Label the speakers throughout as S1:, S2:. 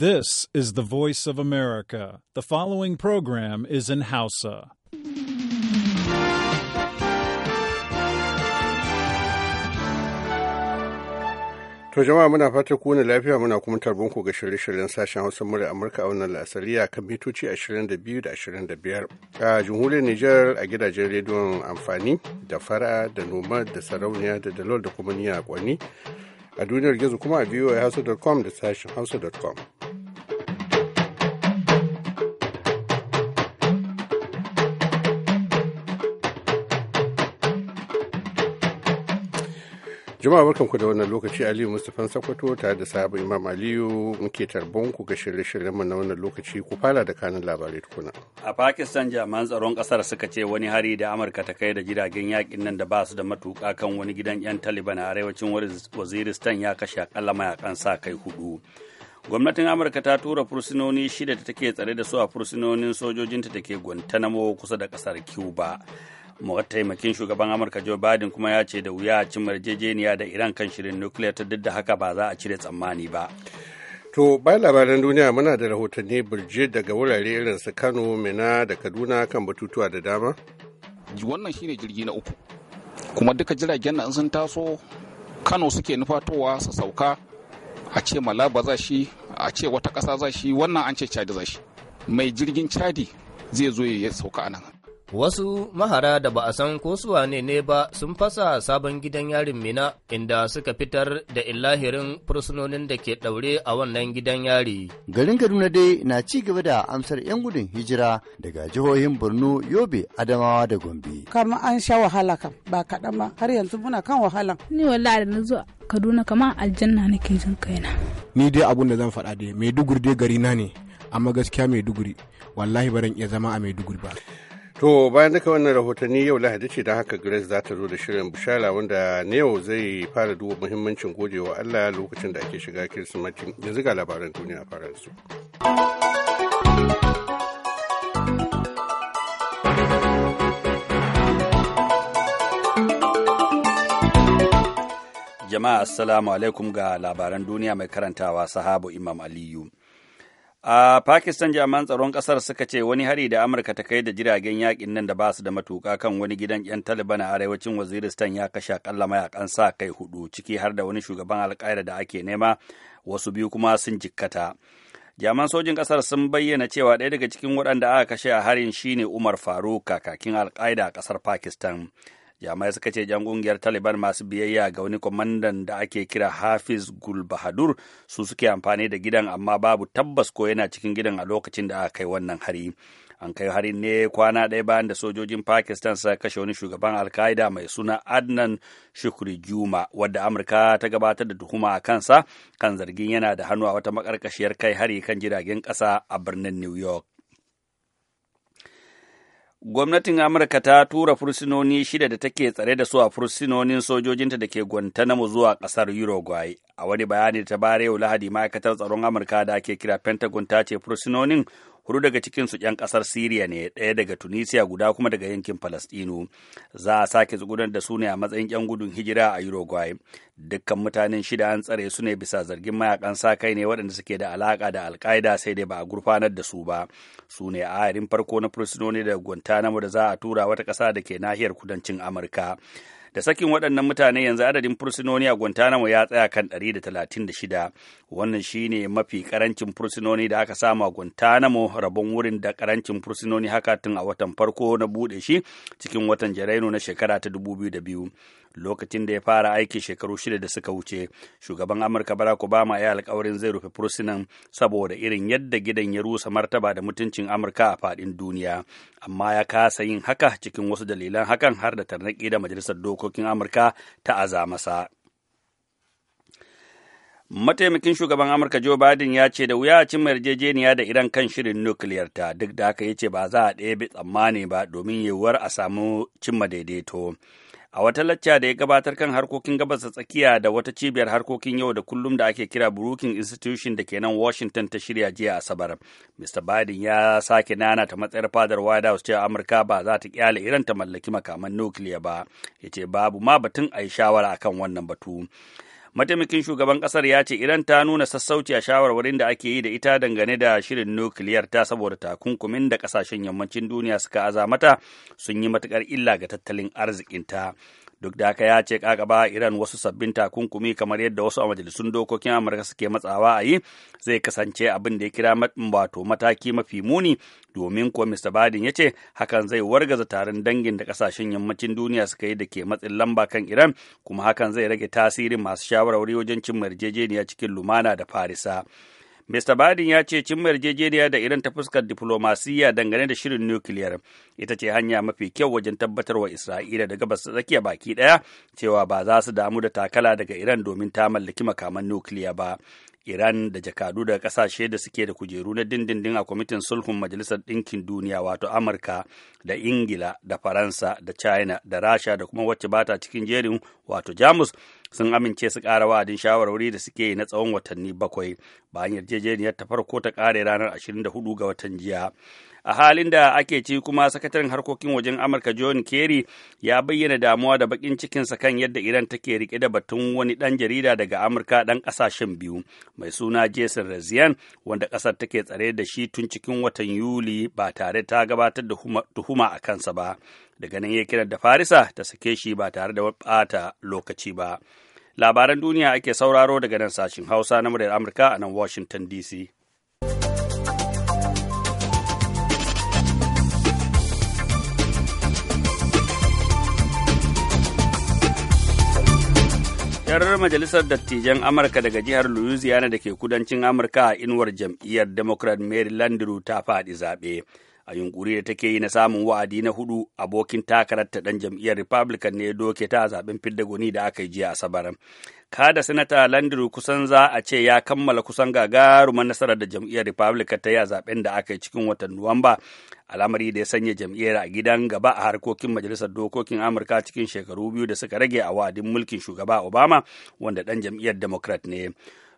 S1: This is the voice of America. The following program is in
S2: Hausa. To jama'a muna fata ku ne lafiya muna kuma tarbon ku ga shirye-shiryen sashen Hausa murya Amurka a wannan a kan mitoci 22 da 25. A jamhuriyar Nijar a gidajen rediyon amfani da fara da noma da sarauniya da dalol da kuma niya kwani. a duniyar gizo kuma a voahausa.com da sashen hausa.com. Jama'a barkanku da wannan lokaci Aliyu Mustapha Sakwato tare da sahabu Imam Aliyu muke tarbon ku ga shirye-shiryen mu na wannan lokaci ku fara da kanin labarai tukuna.
S3: A Pakistan jami'an tsaron kasar suka ce wani hari da Amurka ta kai da jiragen yakin nan da ba su da matuƙa kan wani gidan 'yan Taliban a arewacin Waziristan ya kashe akalla mayakan sa kai hudu. gwamnatin amurka ta tura fursunoni shida da take tsare da su a fursunonin sojojinta da ke guantanamo kusa da kasar cuba mataimakin shugaban amurka joe biden kuma ya ce da wuya a
S2: cimma yarjejeniya da
S3: iran kan shirin nukiliya ta duk da haka ba za a cire tsammani ba
S2: to bayan labaran duniya muna da rahotanni birje daga wurare irin su kano mina da kaduna kan batutuwa da dama wannan shine jirgi na uku kuma duka jiragen nan sun
S4: taso kano suke nufatowa su sauka a ce malaba za shi a ce wata ƙasa za shi wannan an ce chadi za shi mai jirgin chadi zai zo ya sauka a nan Wasu mahara da ba a san ko wane ne ba sun fasa sabon gidan
S5: yarin Mina inda suka fitar da illahirin fursunonin da ke ɗaure a wannan gidan
S6: yari. Garin Kaduna dai na ci gaba da amsar 'yan gudun hijira daga jihohin Borno, Yobe, Adamawa da Gombe.
S7: Kamar an sha wahala kam ba kaɗan ba
S6: har yanzu muna kan
S7: wahala. Ni wallahi da na zo Kaduna kamar aljanna nake jin kaina.
S6: Ni dai abun da zan faɗa
S8: dai Maiduguri dai gari na ne amma gaskiya Maiduguri wallahi baran iya zama a Maiduguri ba.
S2: To bayan duka wannan rahotanni yau Lahadi ce da haka Grace za ta zo da shirin bishara wanda na yau zai fara duba muhimmancin gojewa Allah lokacin da ake shiga Kirsimeti. Yanzu ga labaran duniya fara su.
S3: Jama'a assalamu alaikum ga labaran duniya mai karantawa sahabu Imam Aliyu. A Pakistan jami'an tsaron ƙasar suka ce wani hari da Amurka ta kai da jiragen yakin nan da ba su da matuƙa kan wani gidan 'yan Taliban a arewacin Waziristan ya kashe akalla mayakan sa kai hudu ciki har da wani shugaban alƙaida da ake nema wasu biyu kuma sun jikkata. jami'an sojin ƙasar sun bayyana cewa ɗaya daga cikin waɗanda aka kashe a harin shine Umar Faruk kakakin alƙaida a ƙasar Pakistan. jami'ai suka ce jan kungiyar taliban masu biyayya ga wani kwamandan da ake kira hafiz gulbahadur su suke amfani da gidan amma babu tabbas ko yana cikin gidan a lokacin da aka kai wannan hari an kai hari ne kwana ɗaya bayan da sojojin pakistan suka kashe wani shugaban alkaida mai suna adnan shukri juma wadda amurka ta gabatar da tuhuma a kansa kan zargin yana da hannu a wata makarkashiyar kai hari kan jiragen ƙasa a birnin new york Gwamnatin Amurka ta tura fursunoni shida da take tsare da su a fursunonin sojojinta da ke na mu zuwa ƙasar Uruguay. A wani bayani da ta bare yau Lahadi ma'aikatar tsaron Amurka da ake kira Pentagon ta ce fursunonin hudu daga cikinsu 'yan kasar Siriya ne, ɗaya daga Tunisia guda kuma daga yankin Falastinu. Za a sake zugunar da su ne a matsayin 'yan gudun hijira a Uruguay. Dukkan mutanen shida an tsare su ne bisa zargin mayakan sa kai ne waɗanda suke da alaka da alƙaida sai dai ba a gurfanar da su ba. Su ne a ayarin farko na fursunoni da Guantanamo da za a tura wata ƙasa da ke nahiyar kudancin Amurka. da sakin waɗannan mutane yanzu adadin fursunoni a guantanamo ya tsaya kan 136 wannan shine mafi karancin fursunoni da aka samu sama guantanamo rabon wurin da karancin fursunoni haka tun a watan farko na buɗe shi cikin watan janairun na shekara ta 2002 lokacin da ya fara aiki shekaru shida da suka wuce shugaban amurka barack obama ya alkawarin zai rufe fursunan saboda irin yadda gidan ya rusa martaba da mutuncin amurka a fadin duniya amma ya kasa yin haka cikin wasu dalilan hakan har da tarnaƙi da majalisar dokokin amurka ta azamasa. Mataimakin shugaban Amurka Joe Biden ya ce da wuya a cimma yarjejeniya da Iran kan shirin nukiliyar ta duk da haka ya ce ba za a ɗaya ɗebe tsammani ba domin yiwuwar a samu cimma daidaito. A wata lacca da ya gabatar kan harkokin gabas tsakiya da wata cibiyar harkokin yau da kullum da ake kira burukin Institution da ke nan Washington ta shirya jiya Asabar. Mr. Biden ya sake nana ta matsayar fadar White House cewa Amurka ba za ta kyale Iran ta mallaki makaman nukiliya ba. Ya ce babu ma batun a yi shawara akan wannan batu. mataimakin shugaban kasar ya ce idan ta nuna sassauci a shawarwarin da ake yi da ita dangane da shirin nukiliyar ta saboda takunkumin da kasashen yammacin duniya suka aza mata sun yi matukar illa ga tattalin arzikinta duk da haka ya ce kakaba iran wasu sabbin takunkumi kamar yadda wasu a majalisun dokokin amurka suke matsawa a yi zai kasance abin da ya kira wato mataki mafi muni domin ko mr badin ya ce hakan zai wargaza taron dangin da kasashen yammacin duniya suka yi da ke matsin lamba kan iran kuma hakan zai rage tasirin masu shawarwari wajen cin yarjejeniya cikin lumana da farisa Mr. Biden ya ce cimma yarjejeniya da Iran ta fuskar diflomasiyya dangane da shirin nukiliyar ita ce hanya mafi kyau wajen tabbatar wa Isra'ila da gabas tsakiya baki ɗaya cewa ba za su damu da takala daga Iran domin ta mallaki makaman nukiliya ba. Iran da jakadu daga kasashe da suke da kujeru na dindindin a kwamitin sulhun Majalisar Ɗinkin Duniya wato Amurka da Ingila da Faransa da China da Rasha da kuma wacce bata cikin jerin wato Jamus sun amince su kara wa'adin shawarwari da suke yi na tsawon watanni bakwai bayan yarjejeniyar ta farko ta kare ranar 24 ga watan jiya. a halin da ake ci kuma sakataren harkokin wajen amurka john kerry ya bayyana damuwa da bakin cikinsa kan yadda iran take rike da batun wani dan jarida daga amurka dan kasashen biyu mai suna jason razian wanda kasar take tsare da shi tun cikin watan yuli ba tare ta gabatar da tuhuma a kansa ba daga nan ya kira da farisa ta sake shi ba tare da bata lokaci ba labaran duniya ake sauraro daga nan sashin hausa na muryar amurka a nan washington dc 'yar majalisar dattijan amurka daga jihar louisiana da ke kudancin amurka a inuwar jam'iyyar democrat mary ta faɗi zaɓe a yunkuri da take yi na samun wa'adi na hudu abokin takarar ta dan jam'iyyar republican ne doke ta a zaben fidda goni da aka yi jiya asabar kada sanata landry kusan za a ce ya kammala kusan gagaruman nasarar da jam'iyyar republican ta yi a zaben da aka yi cikin watan nuwamba al'amari da ya sanya jam'iyyar a gidan gaba a harkokin majalisar dokokin amurka cikin shekaru biyu da suka rage a wa'adin mulkin shugaba obama wanda dan jam'iyyar democrat ne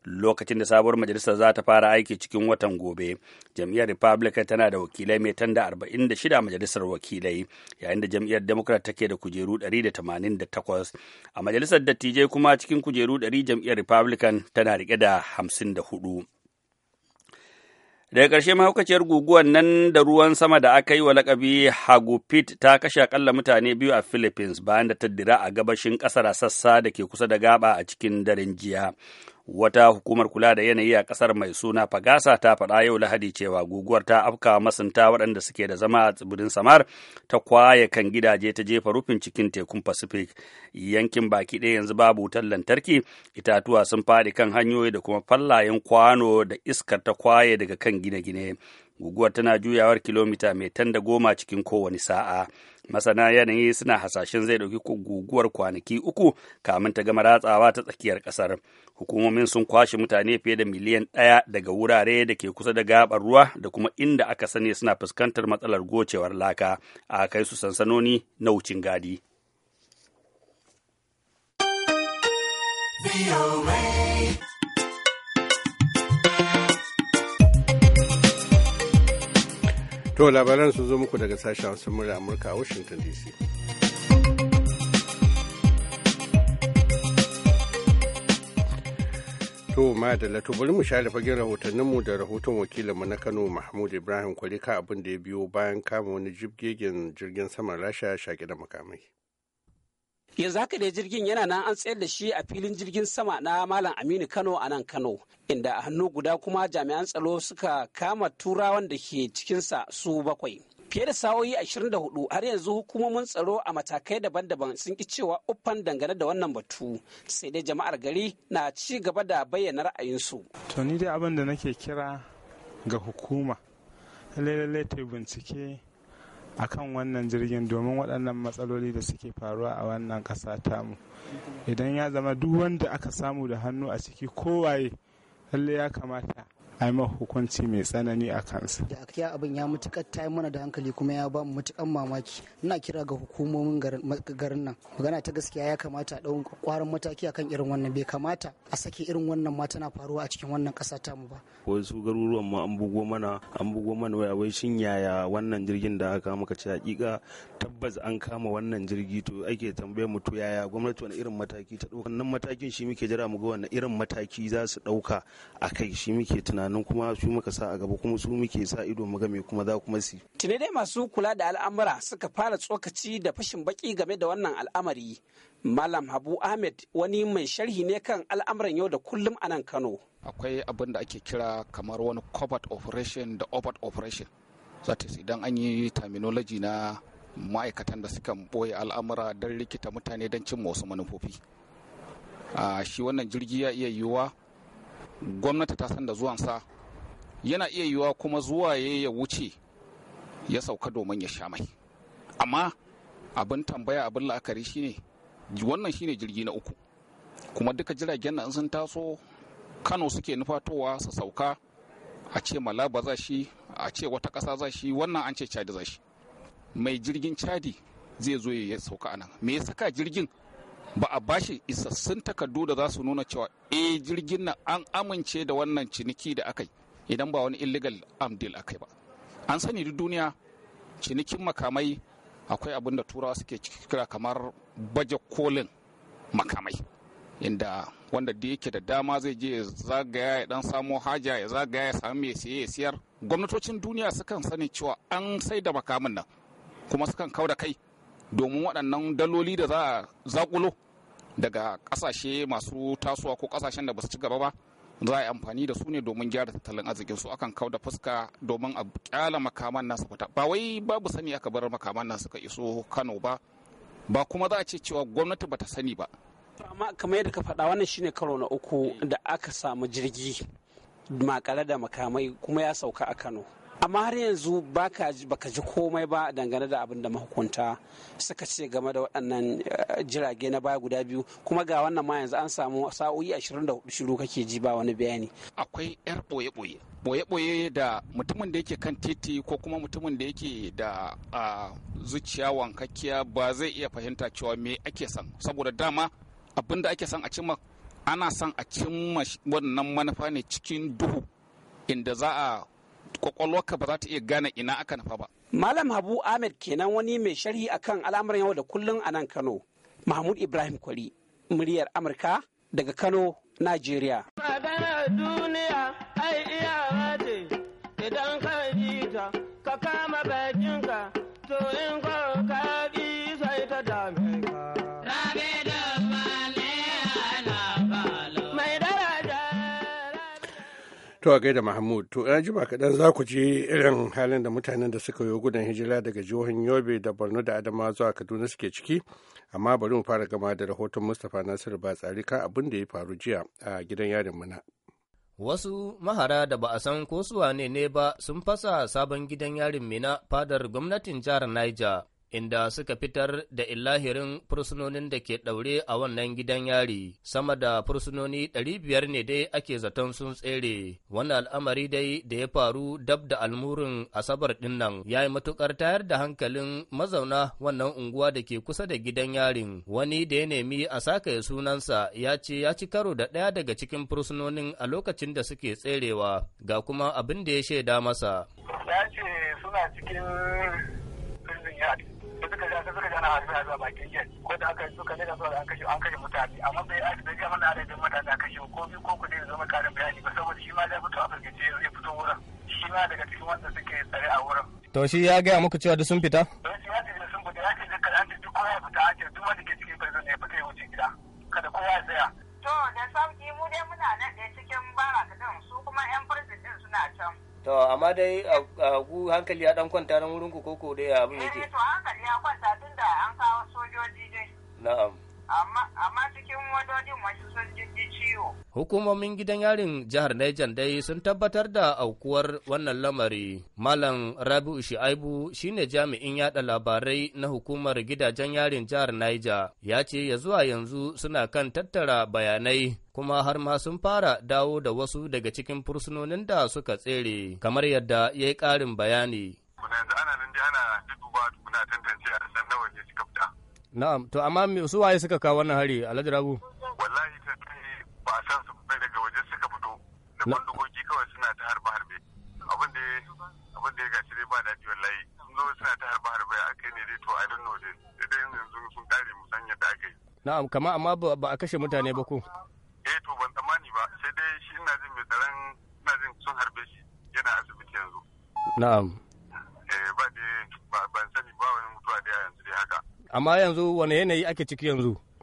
S3: lokacin da sabuwar majalisar za ta fara aiki cikin watan gobe jam'iyyar republican tana da wakilai mai tanda 46 a majalisar wakilai yayin da jam'iyyar democrat take da kujeru 188 a majalisar dattijai kuma cikin kujeru 100 jam'iyyar republican tana rike da 54 daga ƙarshe mahaukaciyar guguwar nan da ruwan sama da aka yi wa lakabi Hagu hagupit ta kashe akalla mutane biyu a philippines bayan da ta dira a gabashin ƙasar sassa da ke kusa da gaba a cikin daren jiya wata hukumar kula da yanayi a kasar mai suna Fagasa ta faɗa yau Lahadi cewa guguwar ta afka masunta waɗanda suke da zama a tsibirin Samar ta kwaye kan gidaje ta jefa rufin cikin tekun Pacific. Yankin baki ɗaya yanzu babu wutar lantarki, itatuwa sun faɗi kan hanyoyi da kuma fallayen kwano da iskar ta kwaye daga kan gine-gine. Guguwar tana juyawar kilomita mai tan da goma cikin kowani sa'a. masana yanayi suna hasashen zai ɗauki guguwar kwanaki uku kamin ta gama ratsawa ta tsakiyar ƙasar hukumomin sun kwashe mutane fiye da miliyan ɗaya daga wurare da ke kusa da gabar ruwa da kuma inda aka sani suna fuskantar matsalar gocewar laka a kai su sansanoni na wucin gadi
S2: To labaran sun zo muku daga sashen wasu murya Amurka a Washington DC. To madalla to bari mu share fagen rahotanninmu da rahoton wakilinmu na Kano Mahmud Ibrahim Kwalika abin da ya biyo bayan kama wani jibgegen jirgin saman Rasha shaƙi da makamai.
S1: yanzu haka dai jirgin yana nan an tsayar da shi a filin jirgin sama na malam aminu kano a nan kano inda a hannu guda kuma jami'an tsaro suka kama turawan da ke cikinsa su bakwai fiye da sa'o'i 24 har yanzu hukumomin tsaro a matakai daban-daban sun ki cewa uffan dangane da wannan batu sai dai jama'ar gari na ci gaba da bayyana ra'ayinsu
S8: to ni dai abin da nake kira ga hukuma lalle ta bincike akan wannan jirgin domin waɗannan matsaloli da suke faruwa a wannan ƙasa mu idan ya zama duk wanda aka samu da hannu a ciki kowaye lalle ya kamata ai yi hukunci mai tsanani a kansa.
S5: ya abin ya mutukar ta mana da hankali kuma ya ba mu mutukan
S7: mamaki. Ina kira ga hukumomin garin nan. Magana ta gaskiya ya kamata a ɗau kwarin mataki akan irin wannan bai kamata a sake irin wannan ma tana faruwa a cikin wannan ƙasa ta mu ba.
S8: su garuruwan mu an bugo mana an bugo mana waya wai shin yaya wannan jirgin da aka muka ce hakika tabbas an kama wannan jirgi to ake tambayar mu to yaya gwamnati wani irin mataki ta ɗauka. Wannan matakin shi muke jira mu ga wani irin mataki za su ɗauka a kai shi muke tunanin nan kuma su muka sa a gaba kuma su muke sa ido mu game kuma za kuma si.
S1: Tune dai masu kula da al'amura suka fara tsokaci da fashin baki game da wannan al'amari. Malam Habu Ahmed
S4: wani mai sharhi ne kan al'amuran yau da kullum a nan Kano. Akwai abin da ake kira kamar wani covert operation da overt operation. Zata idan an yi terminology na ma'aikatan da suka boye al'amura don rikita mutane don cimma wasu manufofi. Ah, shi wannan jirgi ya iya yiwuwa gwamnati ta san da zuwansa yana iya yiwuwa kuma zuwa ya wuce ya sauka domin ya sha mai amma abin tambaya abin la'akari shine wannan shine jirgi na uku kuma duka jiragen nan sun taso kano suke nufatowa su sauka a ce malaba za shi a ce wata ƙasa za shi wannan an ce cadi za shi mai jirgin cadi zai zo ya sauka a nan me ya saka jirgin ba a bashi isassun takardu da za su nuna cewa e jirgin nan an amince da wannan ciniki da aka yi idan ba wani illegal arm deal aka yi ba an sani duk duniya cinikin makamai akwai abin da turawa suke kira kamar baje kolin makamai inda wanda da yake da dama zai je ya zagaya ya dan samo haja ya zagaya ya samu mai siye ya siyar gwamnatocin duniya sukan sani cewa an sai da makamin nan kuma sukan kau kai domin waɗannan daloli da za a zakulo daga kasashe masu tasowa ko kasashen da ba su ci gaba ba za a yi amfani da su ne domin gyara tattalin arzikin su akan da fuska domin a kyala makaman nasu fita ba wai babu sani aka bar makaman nasu ka iso kano ba ba kuma za a ce cewa gwamnati bata sani ba
S1: amma kamar yadda ka faɗa wannan shine karo na uku da aka samu jirgi makale da makamai kuma ya sauka a kano amma har yanzu baka ji komai ba dangane da abin da mahukunta suka ce game da waɗannan eh, jirage na baya guda biyu kuma ga wannan ma yanzu an samu sa'o'i 24 shiru kake ji ba wani bayani
S4: akwai yar boye-boye boye-boye da mutumin da yake kan titi ko kuma mutumin da yake da zuciya wankakkiya ba zai iya fahimta cewa me ake son saboda dama abin da ake son a cimma ana son a cimma wannan manufa ne cikin duhu inda za a kwakwalwarka ba za ta iya gane ina aka nufa ba. Malam Habu Ahmed kenan
S1: wani mai sharhi akan al'amuran yau da kullum a nan Kano. Mahmud Ibrahim Kwari, muryar Amurka daga Kano, Najeriya.
S2: To a gaida Mahmud, to yan ba kaɗan za ku ji irin halin da mutanen da suka yi gudun hijira daga jihohin Yobe da Borno da Adama zuwa Kaduna suke ciki, amma bari mu fara gama da rahoton Mustapha Nasiru ba tsari kan abin da ya faru jiya a gidan yarin muna.
S5: Wasu mahara da ba a san ko su ne ne ba sun fasa sabon gidan yarin Mina fadar gwamnatin jihar Niger inda suka fitar da illahirin fursunonin da ke ɗaure a wannan gidan yari, sama da fursunoni ɗari biyar ne dai ake zaton sun tsere. wani al'amari dai da ya faru dab da almurin asabar ɗin nan ya yi matuƙar tayar da hankalin mazauna wannan unguwa da ke kusa da gidan yarin. Wani da ya nemi a sakaye sunansa ya ce ya ci karo da ɗaya daga cikin fursunonin a lokacin da suke tserewa, ga kuma abin da ya shaida masa.
S8: Ya ce suna cikin suka ja
S9: suka ja na harbe harbe a bakin jet ko da aka suka ne da suka an kashe an kashe mutane amma bai a bai ga mana adadin mutane aka kashe ko ko ku ne zama karin bayani ba saboda shi ma da fito a firgice zai fito wurin
S5: shi ma daga cikin wanda suke tsare a wurin. to shi ya gaya muku cewa duk sun fita. don shi ya ce sun fita ya ce dukkan an duk kowa ya fita an
S9: duk wanda ke cikin prison ya fita ya wuce gida kada kowa ya tsaya.
S7: to da sauki mu dai muna nan ɗaya cikin baraka din su kuma 'yan prison din suna
S1: can.
S5: to amma dai gu hankali ya dan kwanta nan wurin ku koko dai abin yake eh to
S1: hankali ya kwanta tunda an kawo sojoji dai na'am amma cikin wadodin masu sun ji ciwo.
S5: Hukumomin gidan yarin jihar Niger dai sun tabbatar da aukuwar wannan lamari. Malam Rabi'u Shi'aibu ne jami'in yada labarai na hukumar gidajen yarin jihar Niger. Ya ce ya zuwa yanzu suna kan tattara bayanai kuma har ma sun fara dawo da wasu daga cikin fursunonin da suka tsere kamar yadda ya yi ƙarin bayani. Yanzu ana nan ana muna tantance a nawa ne suka fita. Na'am, to amma su waye suka kawo wannan hari Alhaji Rabu?
S1: Wallahi ta ce ba san su bai daga waje suka fito da bandugogi kawai suna ta harba harbe. Abin da
S5: abin da ya gashi dai ba daɗi wallahi. Sun zo suna ta harba harbe a kai ne dai to I don't know dai. Sai Dai yanzu sun kare mu san yadda aka yi. Na'am, kama amma ba a kashe mutane ba ko? Eh to ban tsammani ba, sai dai shi ina jin mai tsaron ina jin sun harbe shi yana asibiti yanzu. Na'am. amma yanzu wani yanayi ake ciki yanzu to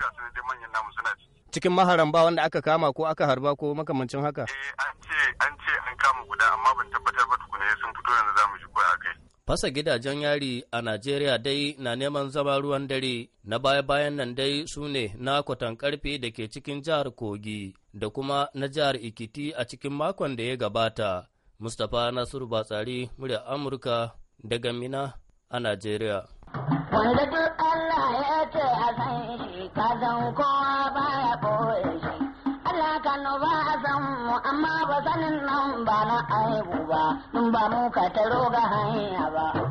S5: ga cikin maharan ba wanda aka kama ko aka harba ko makamancin haka eh an ce an kama guda amma ban tabbatar ba tukuna eh, sun fito yanzu zamu shigo a kai Fasa gidajen yari a Najeriya dai na neman zama ruwan dare, na baya-bayan nan dai su ne na kwatan karfe da ke cikin jihar Kogi, da kuma na jihar Ikiti a cikin makon da ya gabata. Mustapha Nasiru Batsari, murya Amurka daga Mina a Najeriya.
S1: Allah ya ce a san amma ba sanin nan ba na aibu ba, ba mu ka taro ga hanya ba.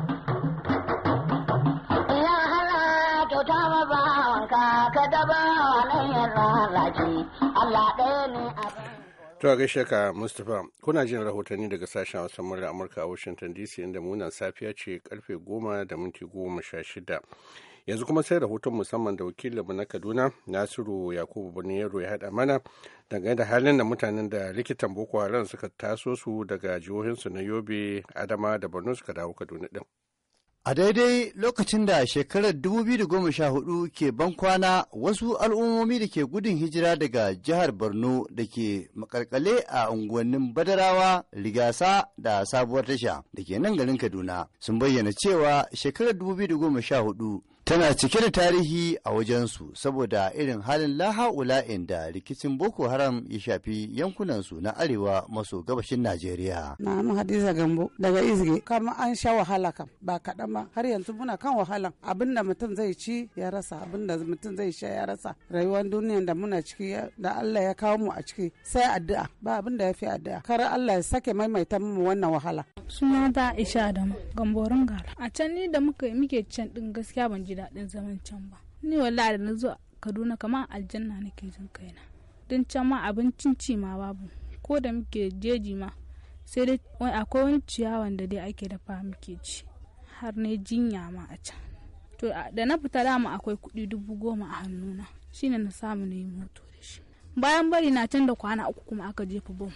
S2: To a gaishe ka Mustapha, kuna jin rahotanni daga sashen wasan murya Amurka a Washington DC inda munan safiya ce karfe goma da minti goma sha shida. Yanzu kuma sai rahoton musamman da wakilinmu na Kaduna Nasiru Yakubu Buniyaro ya haɗa mana dangane da halin da mutanen da likitan Boko Haram suka taso su daga jihohinsu na Yobe, Adama da Borno suka dawo Kaduna din.
S6: A daidai lokacin da shekarar 2014 ke bankwana wasu al'ummomi da ke gudun hijira daga jihar Borno da ke makarkale a unguwannin Badarawa, Rigasa da sabuwar tasha da ke nan garin Kaduna sun bayyana cewa shekarar 2014 tana cike da tarihi a wajensu saboda irin halin laha'ula'in da rikicin boko haram ya shafi yankunansu na arewa maso gabashin najeriya na mu hadiza
S7: gambo daga izge kama an sha wahala kam ba kaɗan ba har yanzu muna kan wahalan abin da mutum zai ci ya rasa abin mutum zai sha ya rasa rayuwar duniya da muna ciki da allah ya kawo mu a ciki sai addu'a ba abin ya fi addu'a kar allah ya sake maimaita mu wannan wahala suna ta isha Adamu gamborin gara a can ni da muka muke can din gaskiya ban ji daɗin zaman can ba ni wallahi da na zo Kaduna kamar aljanna nake jin kaina don can ma abincin ci ma babu ko da muke jeji ma sai dai akwai wani ciyawan da dai ake dafa muke ci har ne jinya ma a can to da na fita dama akwai kuɗi dubu goma a hannuna shine na samu na yi moto da shi bayan bari na can da kwana uku kuma aka jefa bom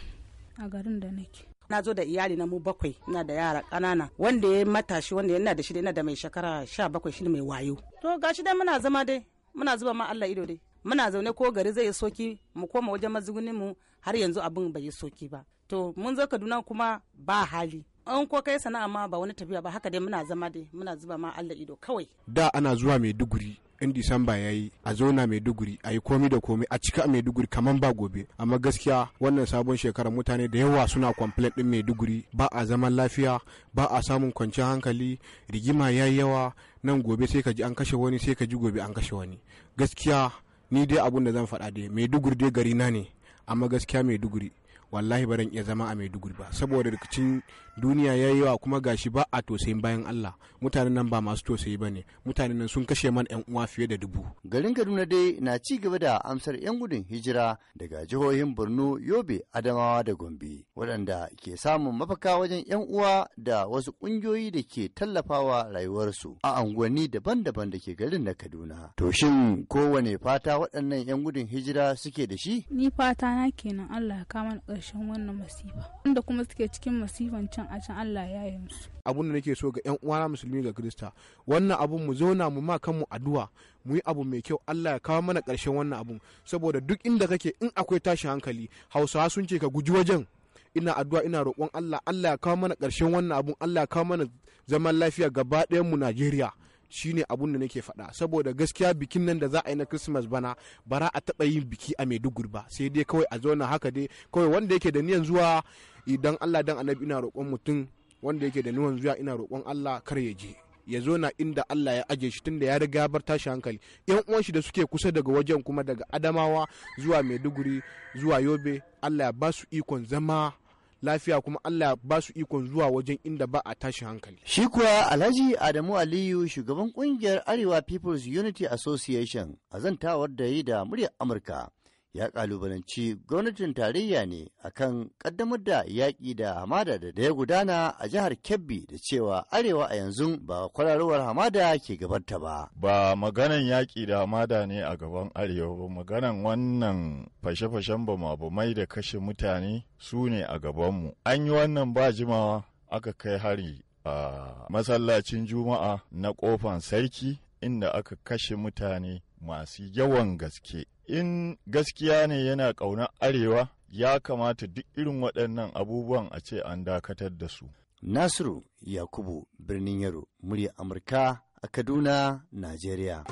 S7: a garin da nake na zo da iyali na mu bakwai ina da yara ƙanana wanda ya matashi wanda yana da shi yana da mai shekara sha bakwai shi mai wayo to gashi dai muna zama dai muna zuba ma Allah ido dai muna zaune ko gari zai soki mu koma wajen mazugunin mu har yanzu abin bai soki ba to mun zo Kaduna kuma ba hali an ko kai sana'a ma ba wani tafiya ba haka dai muna zama dai muna zuba ma Allah ido kawai
S8: da ana zuwa mai duguri in disamba ya yi a zona maiduguri a yi komi da komi a cika maiduguri kamar ba gobe amma gaskiya wannan sabon shekarar mutane da yawa suna complain din maiduguri ba a zaman lafiya ba a samun kwanciyar hankali rigima ya yawa nan gobe sai ka ji an kashe wani sai ka ji gobe an kashe wani gaskiya ni dai abun da zan faɗa dai maiduguri dai gari na ne amma gaskiya maiduguri wallahi baran iya zama a maiduguri ba saboda rikicin duniya ya yi wa kuma gashi ba a tosayin bayan Allah mutanen nan ba masu tosayi ba ne mutanen nan sun
S6: kashe man yan uwa fiye da dubu. Garin Kaduna dai na ci gaba da amsar yan gudun hijira daga jihohin Borno, Yobe, Adamawa da Gombe waɗanda ke samun mafaka wajen yan uwa da wasu ƙungiyoyi da ke tallafawa rayuwarsu a unguwanni daban-daban da ke garin na Kaduna. To shin kowane fata waɗannan yan gudun hijira suke da shi? Ni
S7: fata na kenan Allah ya kama ƙarshen wannan masifa. Wanda kuma suke cikin masifan can a can Allah ya yi musu
S8: abun da nake so ga yan uwana musulmi ga Kirista wannan abun mu zauna mu ma kanmu addu'a mu yi abu mai kyau Allah ya kawo mana karshen wannan abun saboda duk inda kake in akwai tashin hankali Hausawa sun ce ka guji wajen ina addu'a ina roƙon Allah Allah ya kawo mana ƙarshen wannan abun Allah ya kawo mana zaman lafiya gaba ɗayan mu Najeriya shine abun da nake faɗa saboda gaskiya bikin nan da za a yi na christmas bana bara a taɓa yin biki a maiduguri ba sai dai kawai a zauna haka dai kawai wanda yake da niyan zuwa idan allah dan annabi ina roƙon mutum wanda yake da niyan zuwa ina roƙon allah kar ya je ya zo na inda Allah ya aje shi tunda ya riga bar tashi hankali yan uwan shi da suke kusa daga wajen kuma daga Adamawa zuwa Maiduguri zuwa Yobe Allah ya ba su ikon zama lafiya kuma Allah ba su ikon zuwa wajen inda ba a tashi hankali.
S6: Shi kuwa Alhaji Adamu Aliyu shugaban kungiyar Arewa People's Unity Association a zantawar da yi da muryar Amurka ya kalubalanci gwamnatin tarayya ne akan kaddamar da yaƙi da hamada da ya gudana a jihar Kebbi da cewa arewa a yanzu ba kwararowar hamada ke gabanta ba. Ba maganan yaƙi da hamada ne a gaban arewa ba maganan wannan fashe-fashen ba mai da kashe mutane su ne a gabanmu. An yi wannan ba jimawa aka kai hari a masallacin juma'a na kofan sarki inda aka kashe mutane masu yawan gaske in gaskiya ne yana ƙaunar arewa ya kamata duk irin waɗannan abubuwan a ce an dakatar da su. Nasiru Yakubu birnin Yaro, murya Amurka a Kaduna, Najeriya.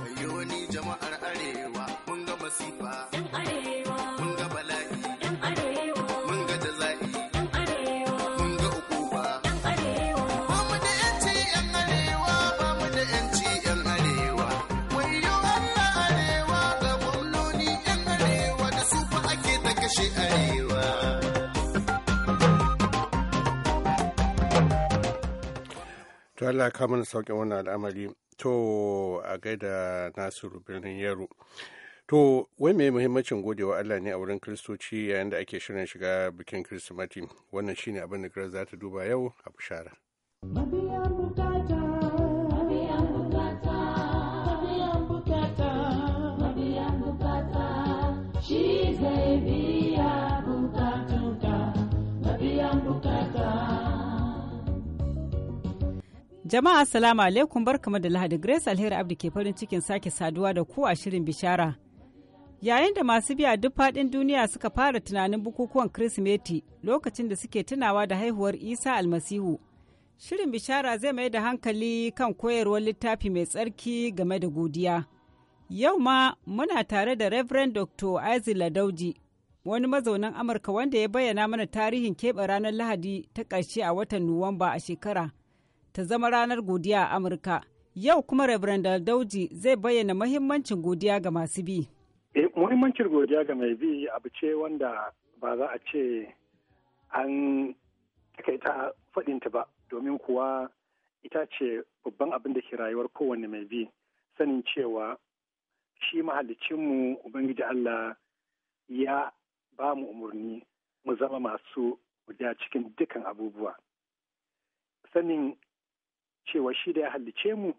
S6: jama'ar arewa,
S2: to Allah ka mana sauƙin wannan al'amari to a gaida nasiru birnin yaro to wai mai muhimmancin godewa Allah ne a wurin kristoci yayin da ake shirin shiga bikin kirsimati wannan shine abin da za ta duba yau a bishara.
S7: Jama'a assalamu alaikum barkamu da Lahadi Grace Alheri Abdi ke farin cikin sake saduwa da ku a shirin bishara. Yayin da masu biya duk faɗin duniya suka fara tunanin bukukuwan Kirsimeti lokacin da suke tunawa da haihuwar Isa almasihu. Shirin bishara zai mai da hankali kan koyarwar littafi mai tsarki game da godiya. Yau ma muna tare da Reverend Dr. Isaac Ladauji, wani mazaunin Amurka wanda ya bayyana mana tarihin keɓe ranar Lahadi ta ƙarshe a watan Nuwamba a shekara ta zama ranar godiya a Amurka. Yau kuma Reverend daudi zai bayyana mahimmancin godiya ga masu bi.
S9: Eh, muhimmancin godiya ga mai bi abu ce wanda ba za a ce an takaita faɗinta ba domin kuwa ita ce babban abin da ke rayuwar kowane mai bi sanin cewa shi mahallicinmu ubangiji Allah ya ba mu umarni mu zama masu godiya cikin dukan abubuwa sanin cewa shi da ya hallice mu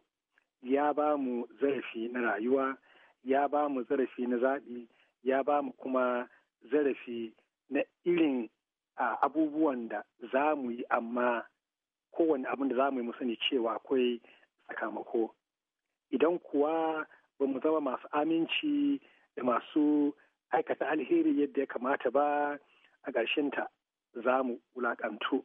S9: ya ba mu zarafi na rayuwa ya ba mu zarafi na zaɓi ya ba mu kuma zarafi na irin abubuwan da za mu yi amma kowane abin da za mu yi mu sani cewa akwai sakamako idan kuwa ba mu zama masu aminci da masu aikata alheri yadda ya kamata ba a ƙarshen ta za mu wulaƙantu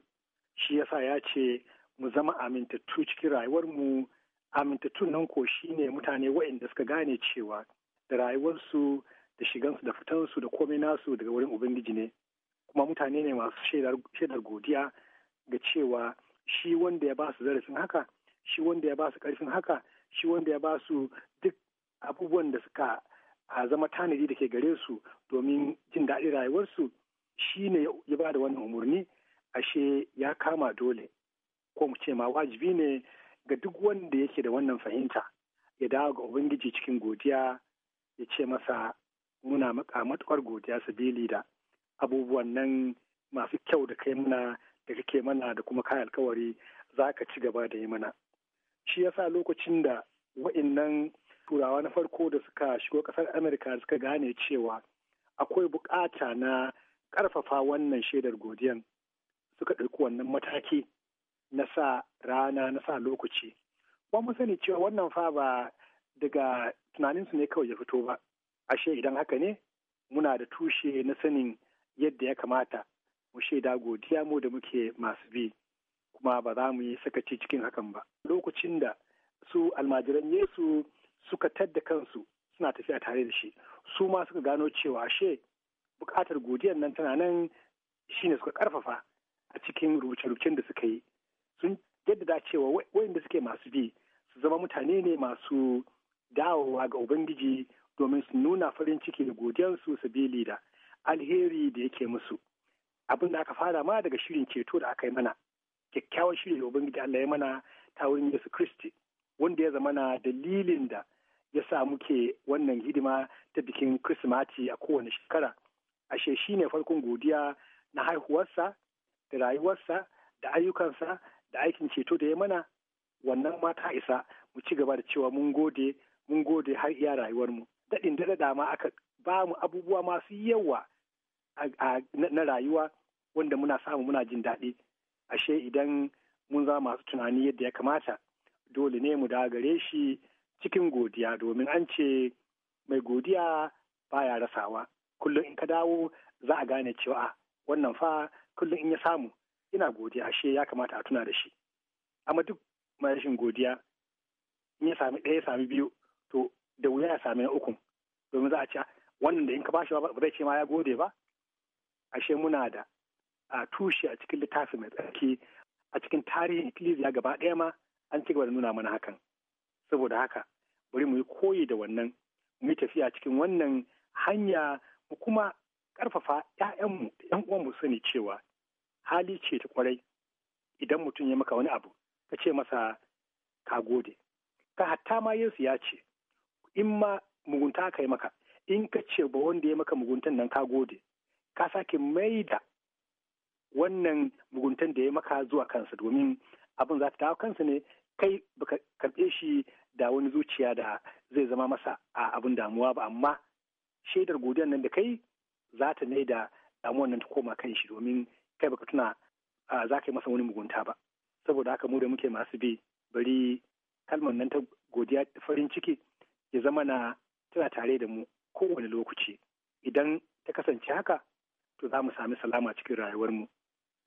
S9: shi yasa ya ce mu zama amintattu cikin rayuwarmu amintattun nan ko shine mutane waɗanda suka gane cewa da rayuwarsu da shigansu da fitansu da komai nasu daga wurin ubangiji ne kuma mutane ne masu shaidar godiya ga cewa shi wanda ya ba su zarafin haka shi wanda ya ba su karfin haka shi wanda ya ba su duk abubuwan da suka a zama tanadi da ke gare su domin jin daɗin rayuwarsu shi ne ya ba da wannan umarni ashe ya kama dole ko mu ce ma wajibi ne ga duk wanda yake da wannan fahimta ya dawo ga ubangiji cikin godiya ya ce masa muna maka matuƙar godiya sabili da abubuwan nan masu kyau da kai muna da kake mana da kuma kayan alkawari za ka ci gaba da yi mana shi yasa lokacin da wa'innan turawa na farko da suka shigo ƙasar amurka suka gane cewa akwai bukata na ƙarfafa wannan shaidar godiyan suka ɗauki wannan mataki na sa rana na sa lokaci ba mu sani cewa wannan fa ba daga tunaninsu ne kawai ya fito ba ashe idan haka ne muna da tushe na sanin yadda ya kamata mu shaida godiya mu da muke masu bi kuma ba za mu yi sakaci cikin hakan ba lokacin da su almajiran yesu suka tadda kansu suna tafiya tare da shi su ma suka gano cewa ashe bukatar godiyar nan tana nan shine suka karfafa a cikin rubuce-rubucen da suka yi sun jaddada cewa wayanda suke masu bi su zama mutane ne masu dawowa ga ubangiji domin su nuna farin ciki da godiyarsu su bi lida alheri da yake musu abin da aka fara ma daga shirin ceto da aka yi mana kyakkyawan shirin da ubangiji Allah ya mana ta wurin Yesu Kristi wanda ya zama na dalilin da ya sa muke wannan hidima ta bikin Kirsimati a kowane shekara ashe shine farkon godiya na haihuwarsa da rayuwarsa da ayyukansa da aikin ceto da ya mana wannan ma ta isa mu ci gaba da cewa mun gode mun gode har iya rayuwarmu daɗin da ma aka ba mu abubuwa masu yawa na rayuwa wanda muna samu muna jin daɗi ashe idan mun za masu tunani yadda ya kamata dole ne mu da gare shi cikin godiya domin an ce mai godiya baya rasawa kullum in ka dawo za a gane cewa ah, wannan fa kullum in ya samu ina godiya ashe ya kamata a tuna da shi amma duk mai rashin godiya in ya sami ɗaya ya sami biyu to da wuya ya sami na ukun domin za a ce wannan da in ka bashi ba zai ce ma ya gode ba ashe muna da a tushe a cikin littafi mai tsarki a cikin tarihin ikkilisiya gaba ɗaya ma an ci gaba da nuna mana hakan saboda haka bari mu yi koyi da wannan mu yi tafiya cikin wannan hanya mu kuma ƙarfafa 'ya'yanmu 'yan uwanmu sani cewa hali ce ta kwarai idan mutum ya maka wani abu ka ce masa ka gode ka hatta ma yesu ya ce in ma mugunta ka yi maka in ka ce ba wanda ya maka muguntan nan ka gode ka sake maida wannan muguntan da ya maka zuwa kansa domin abin za ta dawo kansa ne kai baka karɓe shi da wani zuciya da zai zama masa a abin damuwa ba amma shaidar godiyar nan da kai za ta mai da damuwar nan ta koma kan shi domin kai baka tuna za ka yi masa wani mugunta ba saboda haka mu da muke masu bi bari kalmar nan ta godiya farin ciki ya zama na tana tare da mu kowane lokaci idan ta kasance haka to za mu sami salama cikin rayuwar rayuwarmu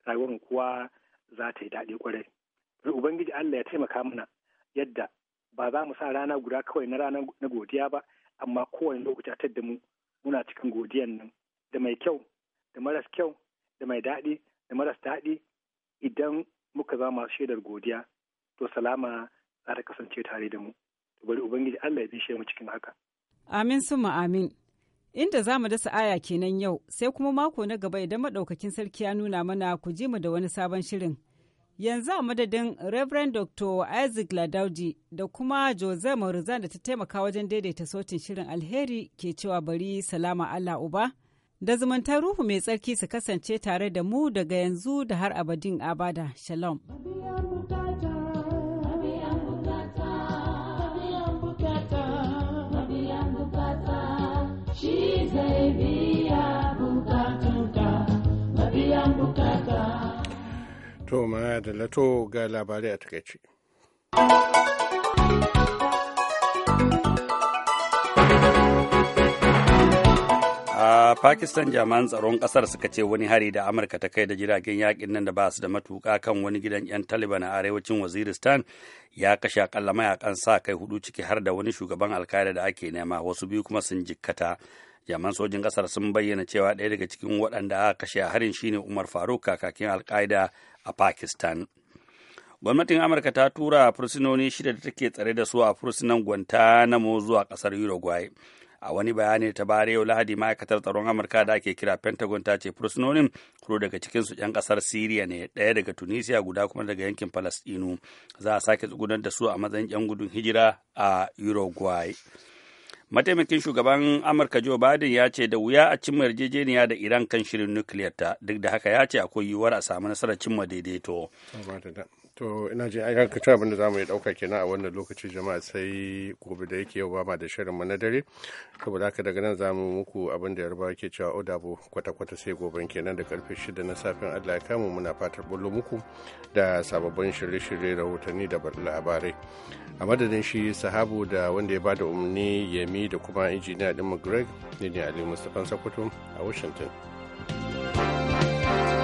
S9: rayuwar kuwa za ta yi daɗi kwarai ubangiji allah ya taimaka mana yadda ba za mu sa rana guda kawai na rana na godiya ba amma kowane lokaci a da mu muna cikin godiyan nan da mai kyau da maras kyau da mai daɗi da maras daɗi idan muka zama masu shaidar godiya to salama za ta kasance tare da mu to bari ubangiji Allah ya bishe mu cikin haka
S7: amin suma amin inda za mu dasa aya kenan yau sai kuma mako na gaba idan madaukakin sarki ya nuna mana ku ji mu da wani sabon shirin yanzu a madadin reverend dr isaac ladauji da kuma jose maurizan da ta taimaka wajen daidaita sautin shirin alheri ke cewa bari salama allah uba da zumuntar ruhu mai tsarki su kasance tare da mu daga yanzu da har abadin abada shalom
S2: To ma da lato ga labarai a takaice.
S3: a pakistan jami'an tsaron kasar suka ce wani hari da amurka ta kai da jiragen yakin nan da ba su da matuka kan wani gidan 'yan taliban a arewacin waziristan ya kashe akalla mayakan sa kai hudu ciki har da wani shugaban alkaida da ake nema wasu biyu kuma sun jikkata jaman sojin kasar sun bayyana cewa ɗaya daga cikin waɗanda aka kashe a harin shine umar faruk kakakin alkaida a pakistan gwamnatin amurka ta tura fursunoni shida da take tsare da su a fursunan guantanamo zuwa kasar uruguay a wani bayani ta bare yau lahadi ma'aikatar tsaron amurka da ake kira pentagon ta ce fursunonin kuro daga cikinsu 'yan kasar siriya ne daya daga tunisia guda kuma daga yankin palestinu za a sake tsugunar da su a matsayin 'yan gudun hijira a uruguay mataimakin shugaban amurka joe biden ya ce da wuya a cimma yarjejeniya da iran kan shirin nukiliyarta duk da haka ya ce akwai yiwuwar a samu nasarar cimma daidaito
S2: to ina ji ai ka abin da zamu yi dauka kenan a wannan lokacin jama'a sai gobe da yake yau ba ma da shirin mu na dare saboda haka daga nan zamu muku abin da yarba ke cewa odabo kwata kwata sai goben kenan da karfe 6 na safin Allah ya kama muna fatar bullo muku da sababbin shirye-shirye rahotanni da labarai a madadin shi sahabu da wanda ya bada umarni yami da kuma injiniya din mu Greg ne ne Ali Mustapha Sokoto a Washington thank you